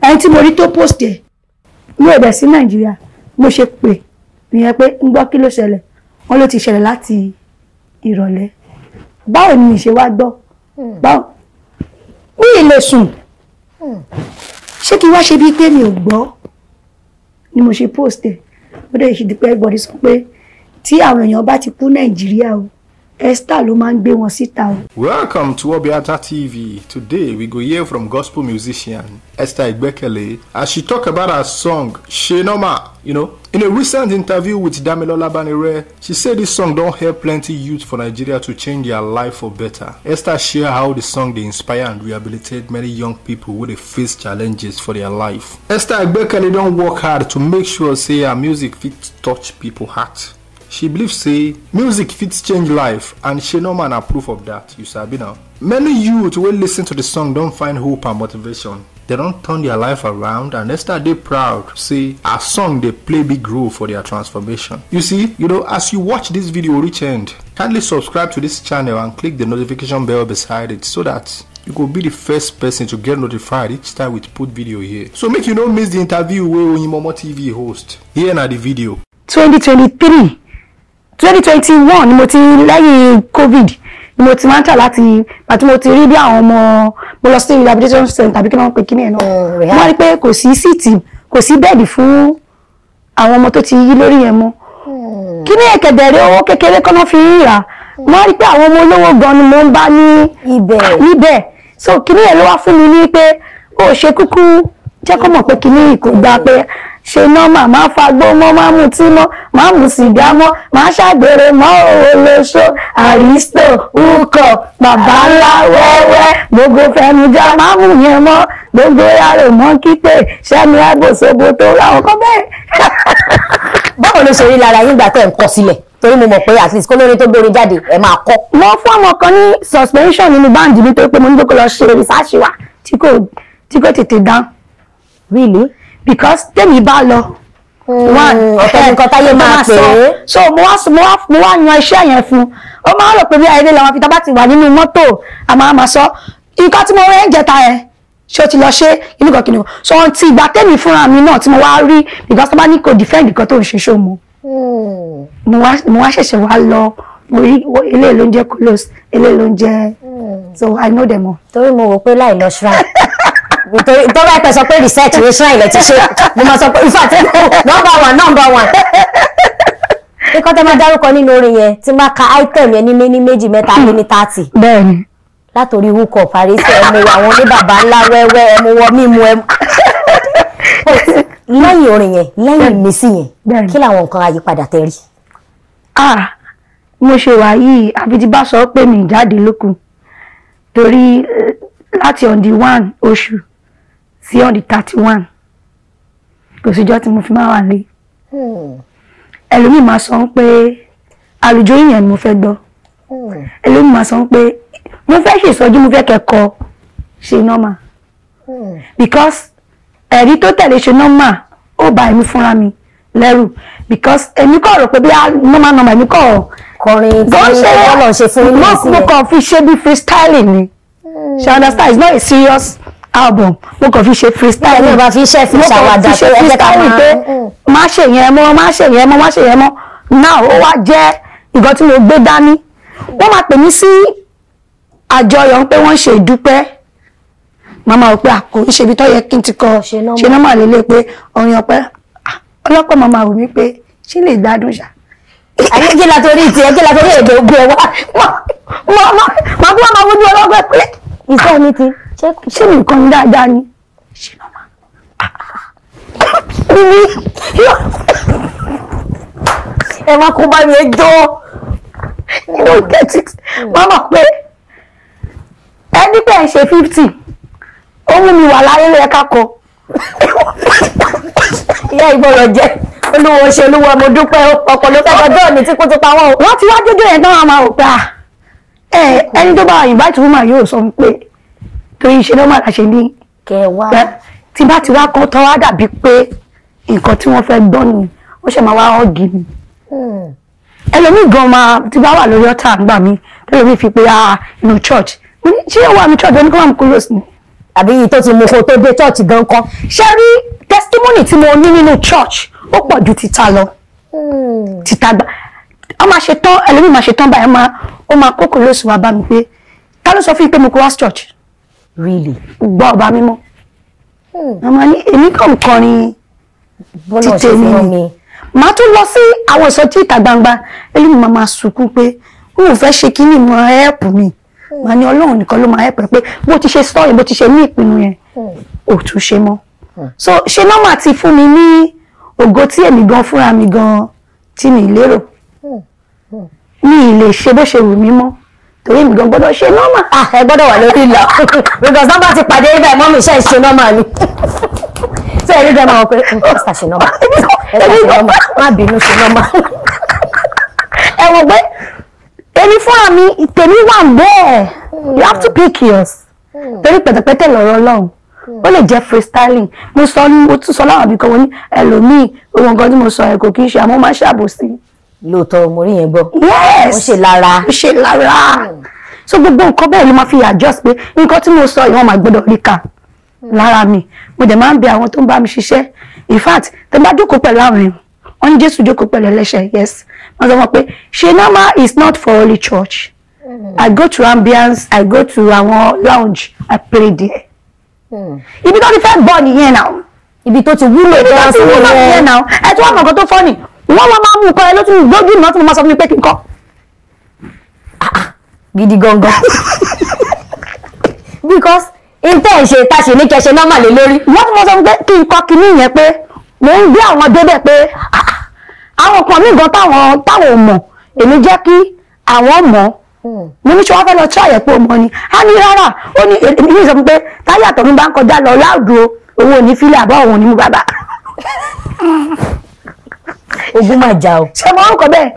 ẹni tí mo rí tó post ẹ̀ ní ẹ̀dẹ̀ sí nàìjíríà mo ṣe pè nìyẹn pé ń gbọ́ kí ló ṣẹlẹ̀ wọ́n ló ti ṣẹlẹ̀ láti ìrọ̀lẹ́ báwo ni ìṣe wá gbọ́ hmm. báwo mi ì lè sùn hmm. ṣé kí wá ṣe bíi pé mi ò gbọ́ ni mo ṣe post ẹ̀ mo dẹ̀ ṣe dípẹ́ gbọ́dí sọ pé tí àwọn èèyàn bá ti kú nàìjíríà o Esther ló máa ń gbé wọn síta o. Welcome to Obiata TV. Today we go hear from gospel musician Esther Igbekele as she talk about her song Ṣe Normal. You know, in a recent interview with Damilola Banire, she said this song don't help plenty youth for Nigeria to change their life for better. Esther share how the song they inspire and rehabilitate many young people wey they face challenges for their life. Esther Igbekele don't work hard to make sure say her music fit touch people heart she believe say music fit change life and shey norman na proof of that. you sabi na. many youths wey lis ten to the song don find hope and motivation dem don turn their life around and esther dey proud say her song dey play big role for their transformation you see you know as you watch this video reach end kindly subscribe to this channel and click the notification bell beside it so that you go be the first person to get notified each time we put video here so make you no miss the interview wey oyinmomo tv host here na the video. 2023 2021 twenty one ni mo ti lẹ́yìn covid ni mo ti máa ń tà láti àti mo ti rí bí àwọn ọmọ mo lọ sí rehabilitation center àbí kí wọ́n pe kí ni ẹ̀ náà oh, wọ́n rí pé kò sí síìtì kò sí bẹ́ẹ̀dì fún àwọn ọmọ tó ti yí lórí yẹn mọ́ hmm. kí ni ẹ̀kẹ̀dẹ̀rẹ̀ owó kékeré kọ́nà fi ń rà wọ́n rí pé àwọn ọmọ olówó gan ni mo ń bá ní ibẹ̀ so kí ni ẹ̀ ló wá fún mi ní pé ó ṣe kúkú jẹ́ kó mọ̀ pé kí ni kò gbà pé ṣe nọ́mà máa fagbó mọ́ máa mutí mọ́ máa mu sìgá mọ́ máa ṣàgbèrè mọ́ olóṣó àrísítò ukọ̀ bàbá ńlá wẹ́wẹ́ gbogbo fẹnujá máa mú yẹn mọ́ gbogbo yàrá mọ́ kípè sẹ́mi àgbòsobo tó láwọn kan bẹ́ẹ̀. báwo ló ṣe rí lára yín gbà tẹ́ ń kọ sílẹ̀ torí mo mọ̀ pé at least kólórin tó gbórin jáde ẹ̀ máa kọ́. mo fún ọmọ kan ní suspension nínú báǹdì mi torí pé mo ní kó lọ ṣe rìsáàṣì wa tí kò tètè dán. really because tèmi bá lọ one mm. ọ̀tọ̀ eh, nǹkan táyé máa so mo wá mo wá mo wá yan iṣẹ́ yẹn fún ó máa rò pé bí ayẹyẹ làwọn fi tábà ti wà nínú mọ́tò a máa máa sọ nǹkan tí mo rẹ́ ń jẹta ẹ̀ ṣé o ti lọ ṣe inú kan kìnìún so ohun ti ìgbà tèmi fúnra mi náà tí mo wá rí because tó bá ní defend nǹkan tó ń ṣe ṣó mm. mo mo wá ṣẹ̀ṣẹ̀ wá lọ mo rí eléyìí ló ń close eléyìí ló ń mm. so I know them all. torí mo rò pé láì lọ shrine tó bá pẹ sọ research ló ṣán ilẹ̀ ti ṣe mo number one number one kíkọ́ tẹ́ máa dárúkọ nínú orin yẹn tí máa ka item yẹn ní ní méjì mẹ́ta lé ní thirty. bẹ́ẹ̀ni. látòrí hook up àrísẹ ẹmu àwọn oníbàbá ńlá wẹ́wẹ́ ẹmu wọ mímu ẹmu. lẹ́yìn orin yẹn lẹ́yìn ìmísí yẹn kí làwọn nǹkan àyípadà tẹ rí. ah mo ṣe wà yìí àbídí bá sọ pé mi jáde lókun torí eh, láti on one oṣù sí on the thirty one kò síjọ́ tí mo fi máa wà lé hmm. ẹlòmíì máa sọ pé àlùjọ ìyẹn ni mo fẹ́ gbọ́ hmm. ẹlòmíì máa sọ pé mo fẹ́ ṣèṣọ́jú mo fẹ́ kẹ́kọ̀ọ́ ṣe normal hmm. because ẹ̀rí tó tẹ̀lé ṣe normal ó bá èmi fúnra mi lẹ́rù because èmi kò rò pé bí normal normal èmi kò kọrin tí wọ́n lọ ṣe fún mi lẹ́sìn mo kàn fi ṣe bí freestyling ni she understand it's not a serious album mo kàn fi ṣe freestyle mo kàn fi ṣe freestyle pé má ṣe yẹn mọ́ má ṣe yẹn mọ́ má ṣe yẹn mọ́ now ó wá jẹ́ nǹkan tí mo gbé dání wọ́n máa pè mí sí àjọyọ̀ pé wọ́n ṣe ìdúpẹ́ màmá ò pé àkó ń ṣebi tó yẹ kí n ti kọ ṣe náà mà lélẹ̀ pé ọ̀rìn ọ̀pẹ ọlọ́pàá màmá ò wí pé ṣé lè gbádùn ṣá. àyè kí la torí tiẹ̀ kí la torí èdè ogun ẹ̀ wá máa bú wọn máa wojú ọlọ́gbẹ́ pé Is there anything? Ṣé ṣé nǹkan dáadáa ni? Ṣé nọ́mà? Bíbí ẹ má kó come by me door. You don't get it. Mama pé ẹni she ẹ ṣe fifty, ó mú mi wà láyé Yeah, kan. Ìyá ìgbọ́rọ̀ No, olúwo no olúwo ọmọ dúpẹ́ ọ̀pọ̀lọpọ̀ ọjọ́ mi tí kò ti pa wọ́n o. Wọ́n ti wá dúdú yẹn náà máa ò gbà ẹ ẹni tó bá invite woman yóò sọ pé torí ṣe lọ́mọ àṣẹ ní kẹwàá tí bá ti wá kọ́ tọ́ wá dàbí pé nǹkan tí wọ́n fẹ́ gbọ́ ni ó ṣe máa wá ọ́ọ̀gì ni hmm. ẹlòmíì gan máa ti bá wà lórí ọ̀tá àgbà mi tẹ́lẹ̀mí fi pé ah inú church mo ní ṣé wà mí church oníkọ́ wà mí kúrò sí. àbí yìí tó ti mú kó tó dé church gan kan ṣé rí testimony tí mo ní nínú church ó pọ̀ ju títa lọ hmm. títa gbà ọ máa ṣe tán ẹlòmíì máa ṣe tán báyìí máa O máa kókò lóṣù wa bá mi pé ká ló sọ fún mi pé mo kó wá church really gbọ́ ọba mímọ́ hmm. àmọ́ ní èmi kàn kọrin títẹ̀ mi màá tún lọ sí àwọn ìsọjí ìta gbangba eléyìí màá máa sunkún pé n ò fẹ́ ṣe kíní mọ ẹ́ẹ̀pù mi hmm. màá ní ọlọ́run nìkan ló máa ẹ́ẹ̀pù pé bó ti ṣe sọ́ọ̀rì bó ti ṣe ní ìpinnu yẹn hmm. ò tún ṣe mọ́ so ṣe nọ́mà ti fún mi ní ògo tí èmi gan fúnra mi gan tí mi lérò mi ì lè ṣe bó ṣe wù mí mọ́ torí mi gan gbọ́dọ̀ ṣe nọ́mà. Ah, ẹ gbọ́dọ̀ wà lórí ìlà because nọ́mbà ti pàdé ibà ẹ̀mọ́ mi ṣe é ṣe nọ́mà ni ṣé ẹ̀rí gan máa wọ pé ẹ̀sà mm, ṣe nọ́mà ẹ̀sà ṣe nọ́mà má bínú ṣe nọ́mà. ẹ wò pé èmi fúnra mi tèmi wà bẹ́ẹ̀ you have to pick yours hmm. torí pẹ̀tẹ̀pẹ̀tẹ̀ lọ̀rọ̀ ọlọ́run hmm. ó lè jẹ́ freestyling mo sọ mo tún sọ láwọn àbíkọ́ wọn ní ẹlòmíì ohun kan mo sọ ẹ̀ kò kí ń ṣe àmọ́ máa ṣàbòsí lóòótọ́ mo rí yẹn gbọ́. yes ó ṣe lára. ó ṣe lára so gbogbo nǹkan bẹ́ẹ̀ ló máa fi adjust pé nǹkan tí mo sọ yìí wọ́n máa gbọ́dọ̀ rí kà lára mi mo dẹ̀ máa ń bẹ àwọn tó ń bá mi ṣiṣẹ́ in fact tẹ bá jókòó pẹ̀lú àwọn èèyàn wọ́n ní jésù jókòó pẹ̀lú ẹlẹ́ṣẹ̀ yes wọ́n sọ wọn pé shenama is not for only church mm. i go to ambience i go to àwọn lounge i play there mm. ibi tó ti fẹ́ bọ̀ nìyẹn náà ibi tó ti wúlò tó ti wúlò nìyẹn náà ẹ tí wọ́n mọ̀ nǹkan tó fọ́ nìyẹn wọ́n wọ́n máa mú nǹkan ẹ ló ti lójú ìmọ̀ tí mo máa sọ fún mi pé kí n kọ́ ah, ah, gidi gangan because ìtẹ́ ìṣe ìtaṣe ní kẹṣe nọ́mà lé lórí wọ́n ti mọ sọ pé kí n kọ́ kinní yẹn pé mo ń gbé àwọn débẹ̀ pé ah, àwọn kan mí gan táwọn táwọn ò mọ̀ èmi jẹ́ kí àwọn mọ̀ hmm. mo ní ṣe wá fẹ́ lọ tí àyẹ̀pọ̀ ọmọ ni a ní rárá ó ní èmi sọ pé táyà tọ̀mí bá ń kọjá lọ láàdúró owó ò ní fílẹ̀ àbá òun ni mo bá bá ogun máa jà o. ṣé mo rúkọ bẹ́ẹ̀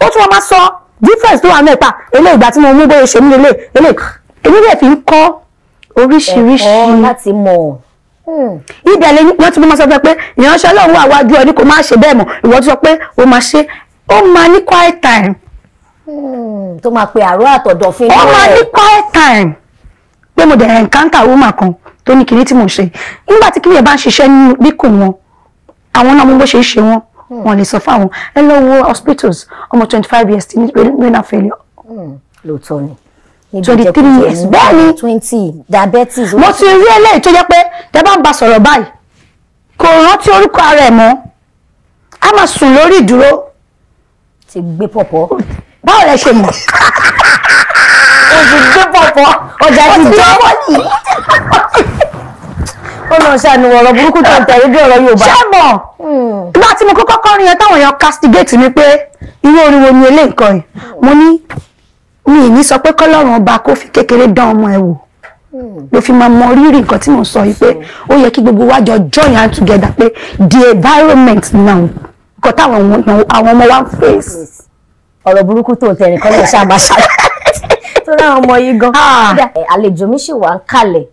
ó tún wọn máa sọ difference tó wà mẹ́pa eléyìí ìgbà tí mo mú bóyá ṣe mí lélẹ̀ eléyìí èmi rẹ̀ fi ń kọ́ oríṣiríṣi. ẹ̀kọ́ láti mọ̀. Hmm. ibẹ̀ lẹ́yìn wọ́n ti mú máa sọ pé ìránṣẹ́ Ọlọ́run wà wájú ọ ní kò máa ṣe bẹ́ẹ̀ mọ̀ ìwọ ti sọ pé ó máa ṣe ó máa ní quiet time. Hmm. tó máa pe àárọ̀ àtọ̀dọ̀ fún ilé rẹ̀. ó máa ní quiet time pé mo dẹ̀ encounter woman kan tó ní kinní tí mo ṣe nígbà tí kinní yẹn bá ń ṣiṣẹ́ nínú bíkùn wọn àwọn náà mo bó ṣe ń ṣe wọn Hmm. wọn lè sọ fáwọn ẹ lọ wo hospitals ọmọ twenty five years ti ní renal failure. Hmm. lóòótọ́ ni twenty three years bẹ́ẹ̀ ni twenty diabetes. mo ti rí eléyìí tó jẹ́ pé tẹ́ bá ń bá sọ̀rọ̀ báyìí kò rántí orúkọ ara ẹ̀ mọ́ a máa sùn lórí ìdúró. ti gbé pọ̀pọ̀. báwo lẹ ṣe mọ̀. o ti gbé pọ̀pọ̀ ọjà ti jẹ́ wọ́n yìí ó lọ ṣe àníwọ̀ ọ̀rọ̀ burúkú tó ń tẹ̀lé bí ọ̀rọ̀ Yorùbá. ṣẹ́bọ̀ ìgbà tí mo hmm. kọ́kọ́ kọrin yẹn táwọn èèyàn castigate mi pé irú orin wo ni eléyìí kan yìí mo ní mi ì ní sọ pé kọ́lọ́run ọba kó fi kékeré dán ọmọ ẹ̀ wò ló hmm. fi máa mọ rírì nǹkan tí mo sọ yìí pé ó yẹ kí gbogbo wa jọ join hand together pé the environment now nǹkan táwọn àwọn ọmọ wa ń face. ọ̀rọ̀ burúkú tó tẹ̀rín kọ́ ló ṣàbàṣà tó ráwọn ọmọ yìí gan. Ah. àlejò mi ṣì wà ń kalẹ̀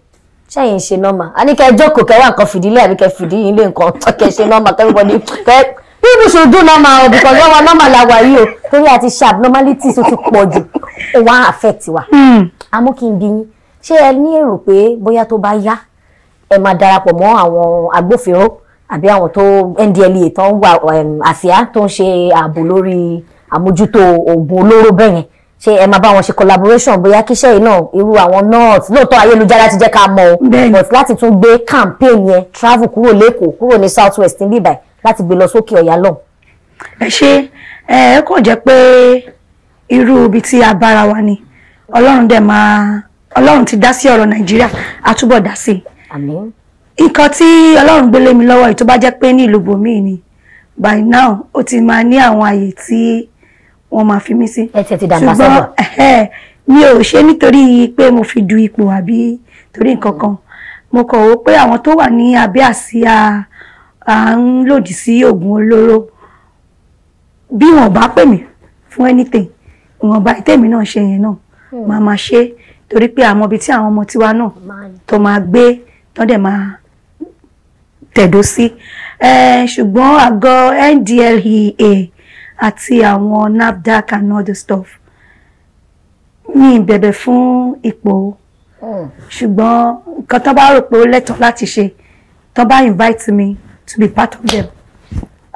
ṣẹ́yìn ṣe nọ́mà a ní kẹ́ jókòó kẹ́ wá nǹkan fìdílé àbí kẹ́ fìdí yín lé nǹkan tó kẹ́ ṣe nọ́mà kẹ́ everybody kẹ́ people should do normal o because wọ́n wá normal la wà yìí o torí àti sharp normalities ó ti pọ̀ jù ó wá affect wa. àmọ́ hmm. kí n bí yín ṣé ẹ ní èrò pé bóyá tó bá yá ẹ máa darapọ̀ mọ́ àwọn agbófinró àbí àwọn tó NDLEA tó ń wà um, àsíá tó ń ṣe ààbò lórí àmójútó oògùn olóró bẹ́yẹn ṣe ẹ máa bá wọn ṣe collaboration bóyá kíṣẹ́ yìí náà irú àwọn north lóòótọ́ ayélujára ti jẹ́ ká mọ̀ o but láti tún gbé campaign yẹn travel kúrò lẹ́kọ̀ọ́ kúrò ní south west níbí báyìí láti gbé lọ sókè ọ̀yà lọ. ẹ ṣe ẹ kò jẹ́ pé irú ibi tí a bára wa ni ọlọ́run dẹ̀ máa ọlọ́run ti dá sí ọ̀rọ̀ nàìjíríà á túbọ̀ dá sí i nǹkan tí ọlọ́run gbélé mi lọ́wọ́ yìí tó pé ní ìlú bòmíì ni by now ó ti máa ní àwọn àyè tí wọ́n máa fi mí sí. ẹ tẹ̀ ti dàgbà sọ́nà. ṣùgbọ́n mi ò ṣe nítorí pé mo fi du ipò àbí torí nǹkan kan mo kọ̀ wó pé àwọn tó wà ní abẹ́ àsíá à ń lòdì sí oògùn olóró bí wọn bá pè mí fún anything ìwọ̀nba ìtẹ̀mí náà ṣe yẹn náà hmm. màá máa ṣe torí pé àmọ́ ibi tí àwọn ọmọ tiwa náà tó máa gbé tán dẹ̀ máa tẹ̀dó sí ṣùgbọ́n àgọ́ NDLEA àti àwọn NAFDAC and all the stuff mi bẹ̀bẹ̀ fún ipò hmm. ṣùgbọ́n nǹkan tó bá rò pé ó lẹ́tọ̀ọ́ láti ṣe tó bá invite me to be part of them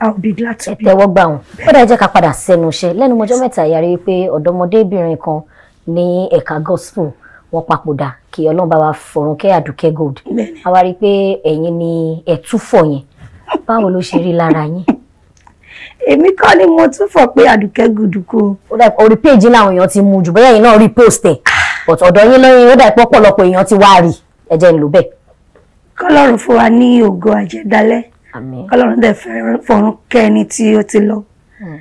I'll be glad to be. ẹ̀tẹ̀wọ́ gbà wọ́n ó dẹ̀ jẹ́ ká padà sẹ́nu iṣẹ́ lẹ́nu mọ́jọ́ mẹ́ta ìyàrí wípé ọ̀dọ́mọdébìnrin kan ní ẹ̀ka gospel wọ́n papòdà kí ọlọ́run bá wa fọ̀rùnkẹ́ àdùkẹ́ gold a wá rí i pé ẹ̀yin ni ẹ̀túfọ̀ yẹn báwo ló ṣe rí lára yín èmi kọ́ ni mo tún fọ̀ pé àdùkẹ́ gùdùkú. orí péjì làwọn èèyàn ti mú jù bóyá ẹ̀yin náà rí post ẹ̀ but ọ̀dọ̀ yín lẹ́yìn ó dà pọ̀pọ̀lọpọ̀ èèyàn ti wá rí ẹ̀jẹ̀ ń lò bẹ́ẹ̀. kọ́lọ́run fún wa ní ògo àjẹdálẹ́ kọ́lọ́run dẹ̀ fọ̀run kẹ́ ẹni tí ó ti lọ. Hmm.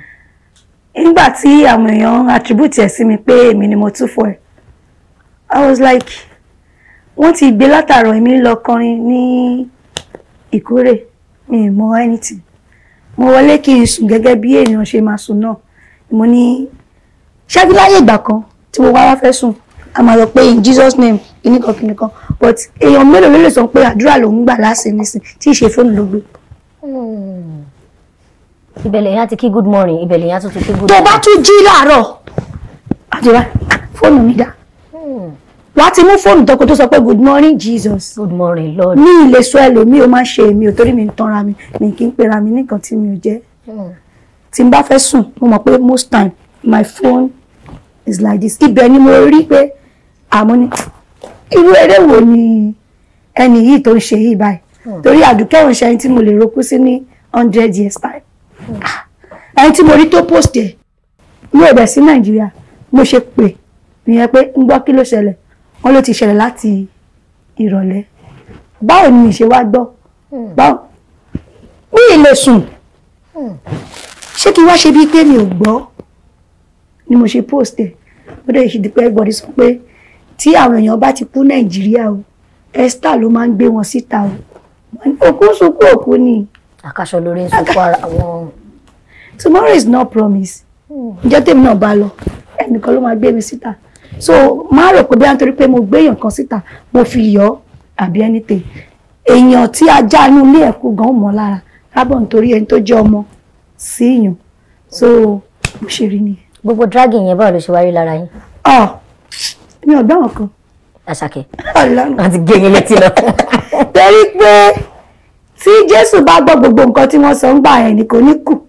nígbà tí àwọn èèyàn attribute ẹ̀ sí mi pé èmi ni mo tún fọ̀ ẹ̀ i was like wọ́n ti gbé látàrọ̀ èmi lọ kọrin ní ìkórè mi ì mọ anything mo wọlé kí n sùn gẹ́gẹ́ bí èèyàn ṣe máa sùn náà mo ní ṣáájú láyé ìgbà kan tí mo wá fẹ́ sùn a máa lọ pé in Jesus name kìnnìkan kìnnìkan but èèyàn mélòó ló lè sọ pé àdúrà lòún gbà lásìí nísìn tí ìṣe fóònù ló gbé hmm. ìbẹ̀lẹ̀ yẹn ti kí good morning ìbẹ̀lẹ̀ yẹn á tún ti kí good morning. tó bá tún jí láàárọ̀ àdúrà fóònù mi dá wàá ti mú fóònù tọkọ tó sọ pé good morning jesus good morning lord mi ì lè sọ ẹlòmíì ó máa ṣe èmi ò torí mi ń tanra mi mi kì í pera mi nìkan tí mi ò jẹ́ hmm. tí n bá fẹ́ sùn mo mọ̀ pé most time my phone is like this ibẹ̀ ni mo rí pé àmọ́ ni irú eré wo ni ẹni yìí tó ń ṣe yìí báyìí hmm. torí àdúkẹ́ òun ṣe ẹni tí mo lè rokú sí ní hundred years time hmm. ah, ẹni tí mo rí tó post ẹ̀ ní ẹ̀bẹ̀ sí nàìjíríà mo ṣe pè nìyẹn pé ń gbọ́ kí ló ṣẹlẹ̀ wọ́n ló ti ṣẹlẹ̀ láti ìrọ̀lẹ́ báwo ni ìṣe wá gbọ́ hmm. báwo mi ì lè sùn hmm. ṣé kí wá ṣe bíi pé mi ò gbọ́ ni mo ṣe post ẹ̀ mo dẹ̀ ṣe dípẹ́ everybody sọ pé tí àwọn èèyàn bá ti kú nàìjíríà o esther ló máa ń gbé wọn síta o òkú sunkún òkú ni. àkàṣọ lórí ń sunkún ara wọn. tomorrow is not promise hmm. ǹjẹ́ tèmi náà bá lọ ẹnìkan ló máa gbé mi síta so ma, rò pé bí a ń torí pé mo gbé èèyàn kan síta mo fi yọ àbí anything èèyàn tí a já inú ilé ẹ̀kọ́ gan mọ́ lára kábọ̀ nítorí ẹni tó jẹ́ ọmọ sí èèyàn so mo ṣe rí nìyẹn. gbogbo dragging yẹn báwo ló ṣe wáyé lára yín. ọ mi ò gbọ́n kan. àṣàkẹ́ wọ́n ti gé yín létí lọ. torí pé tí Jésù bá gbọ́ gbogbo nǹkan tí wọ́n sọ ń gbà ẹ̀ ní kò ní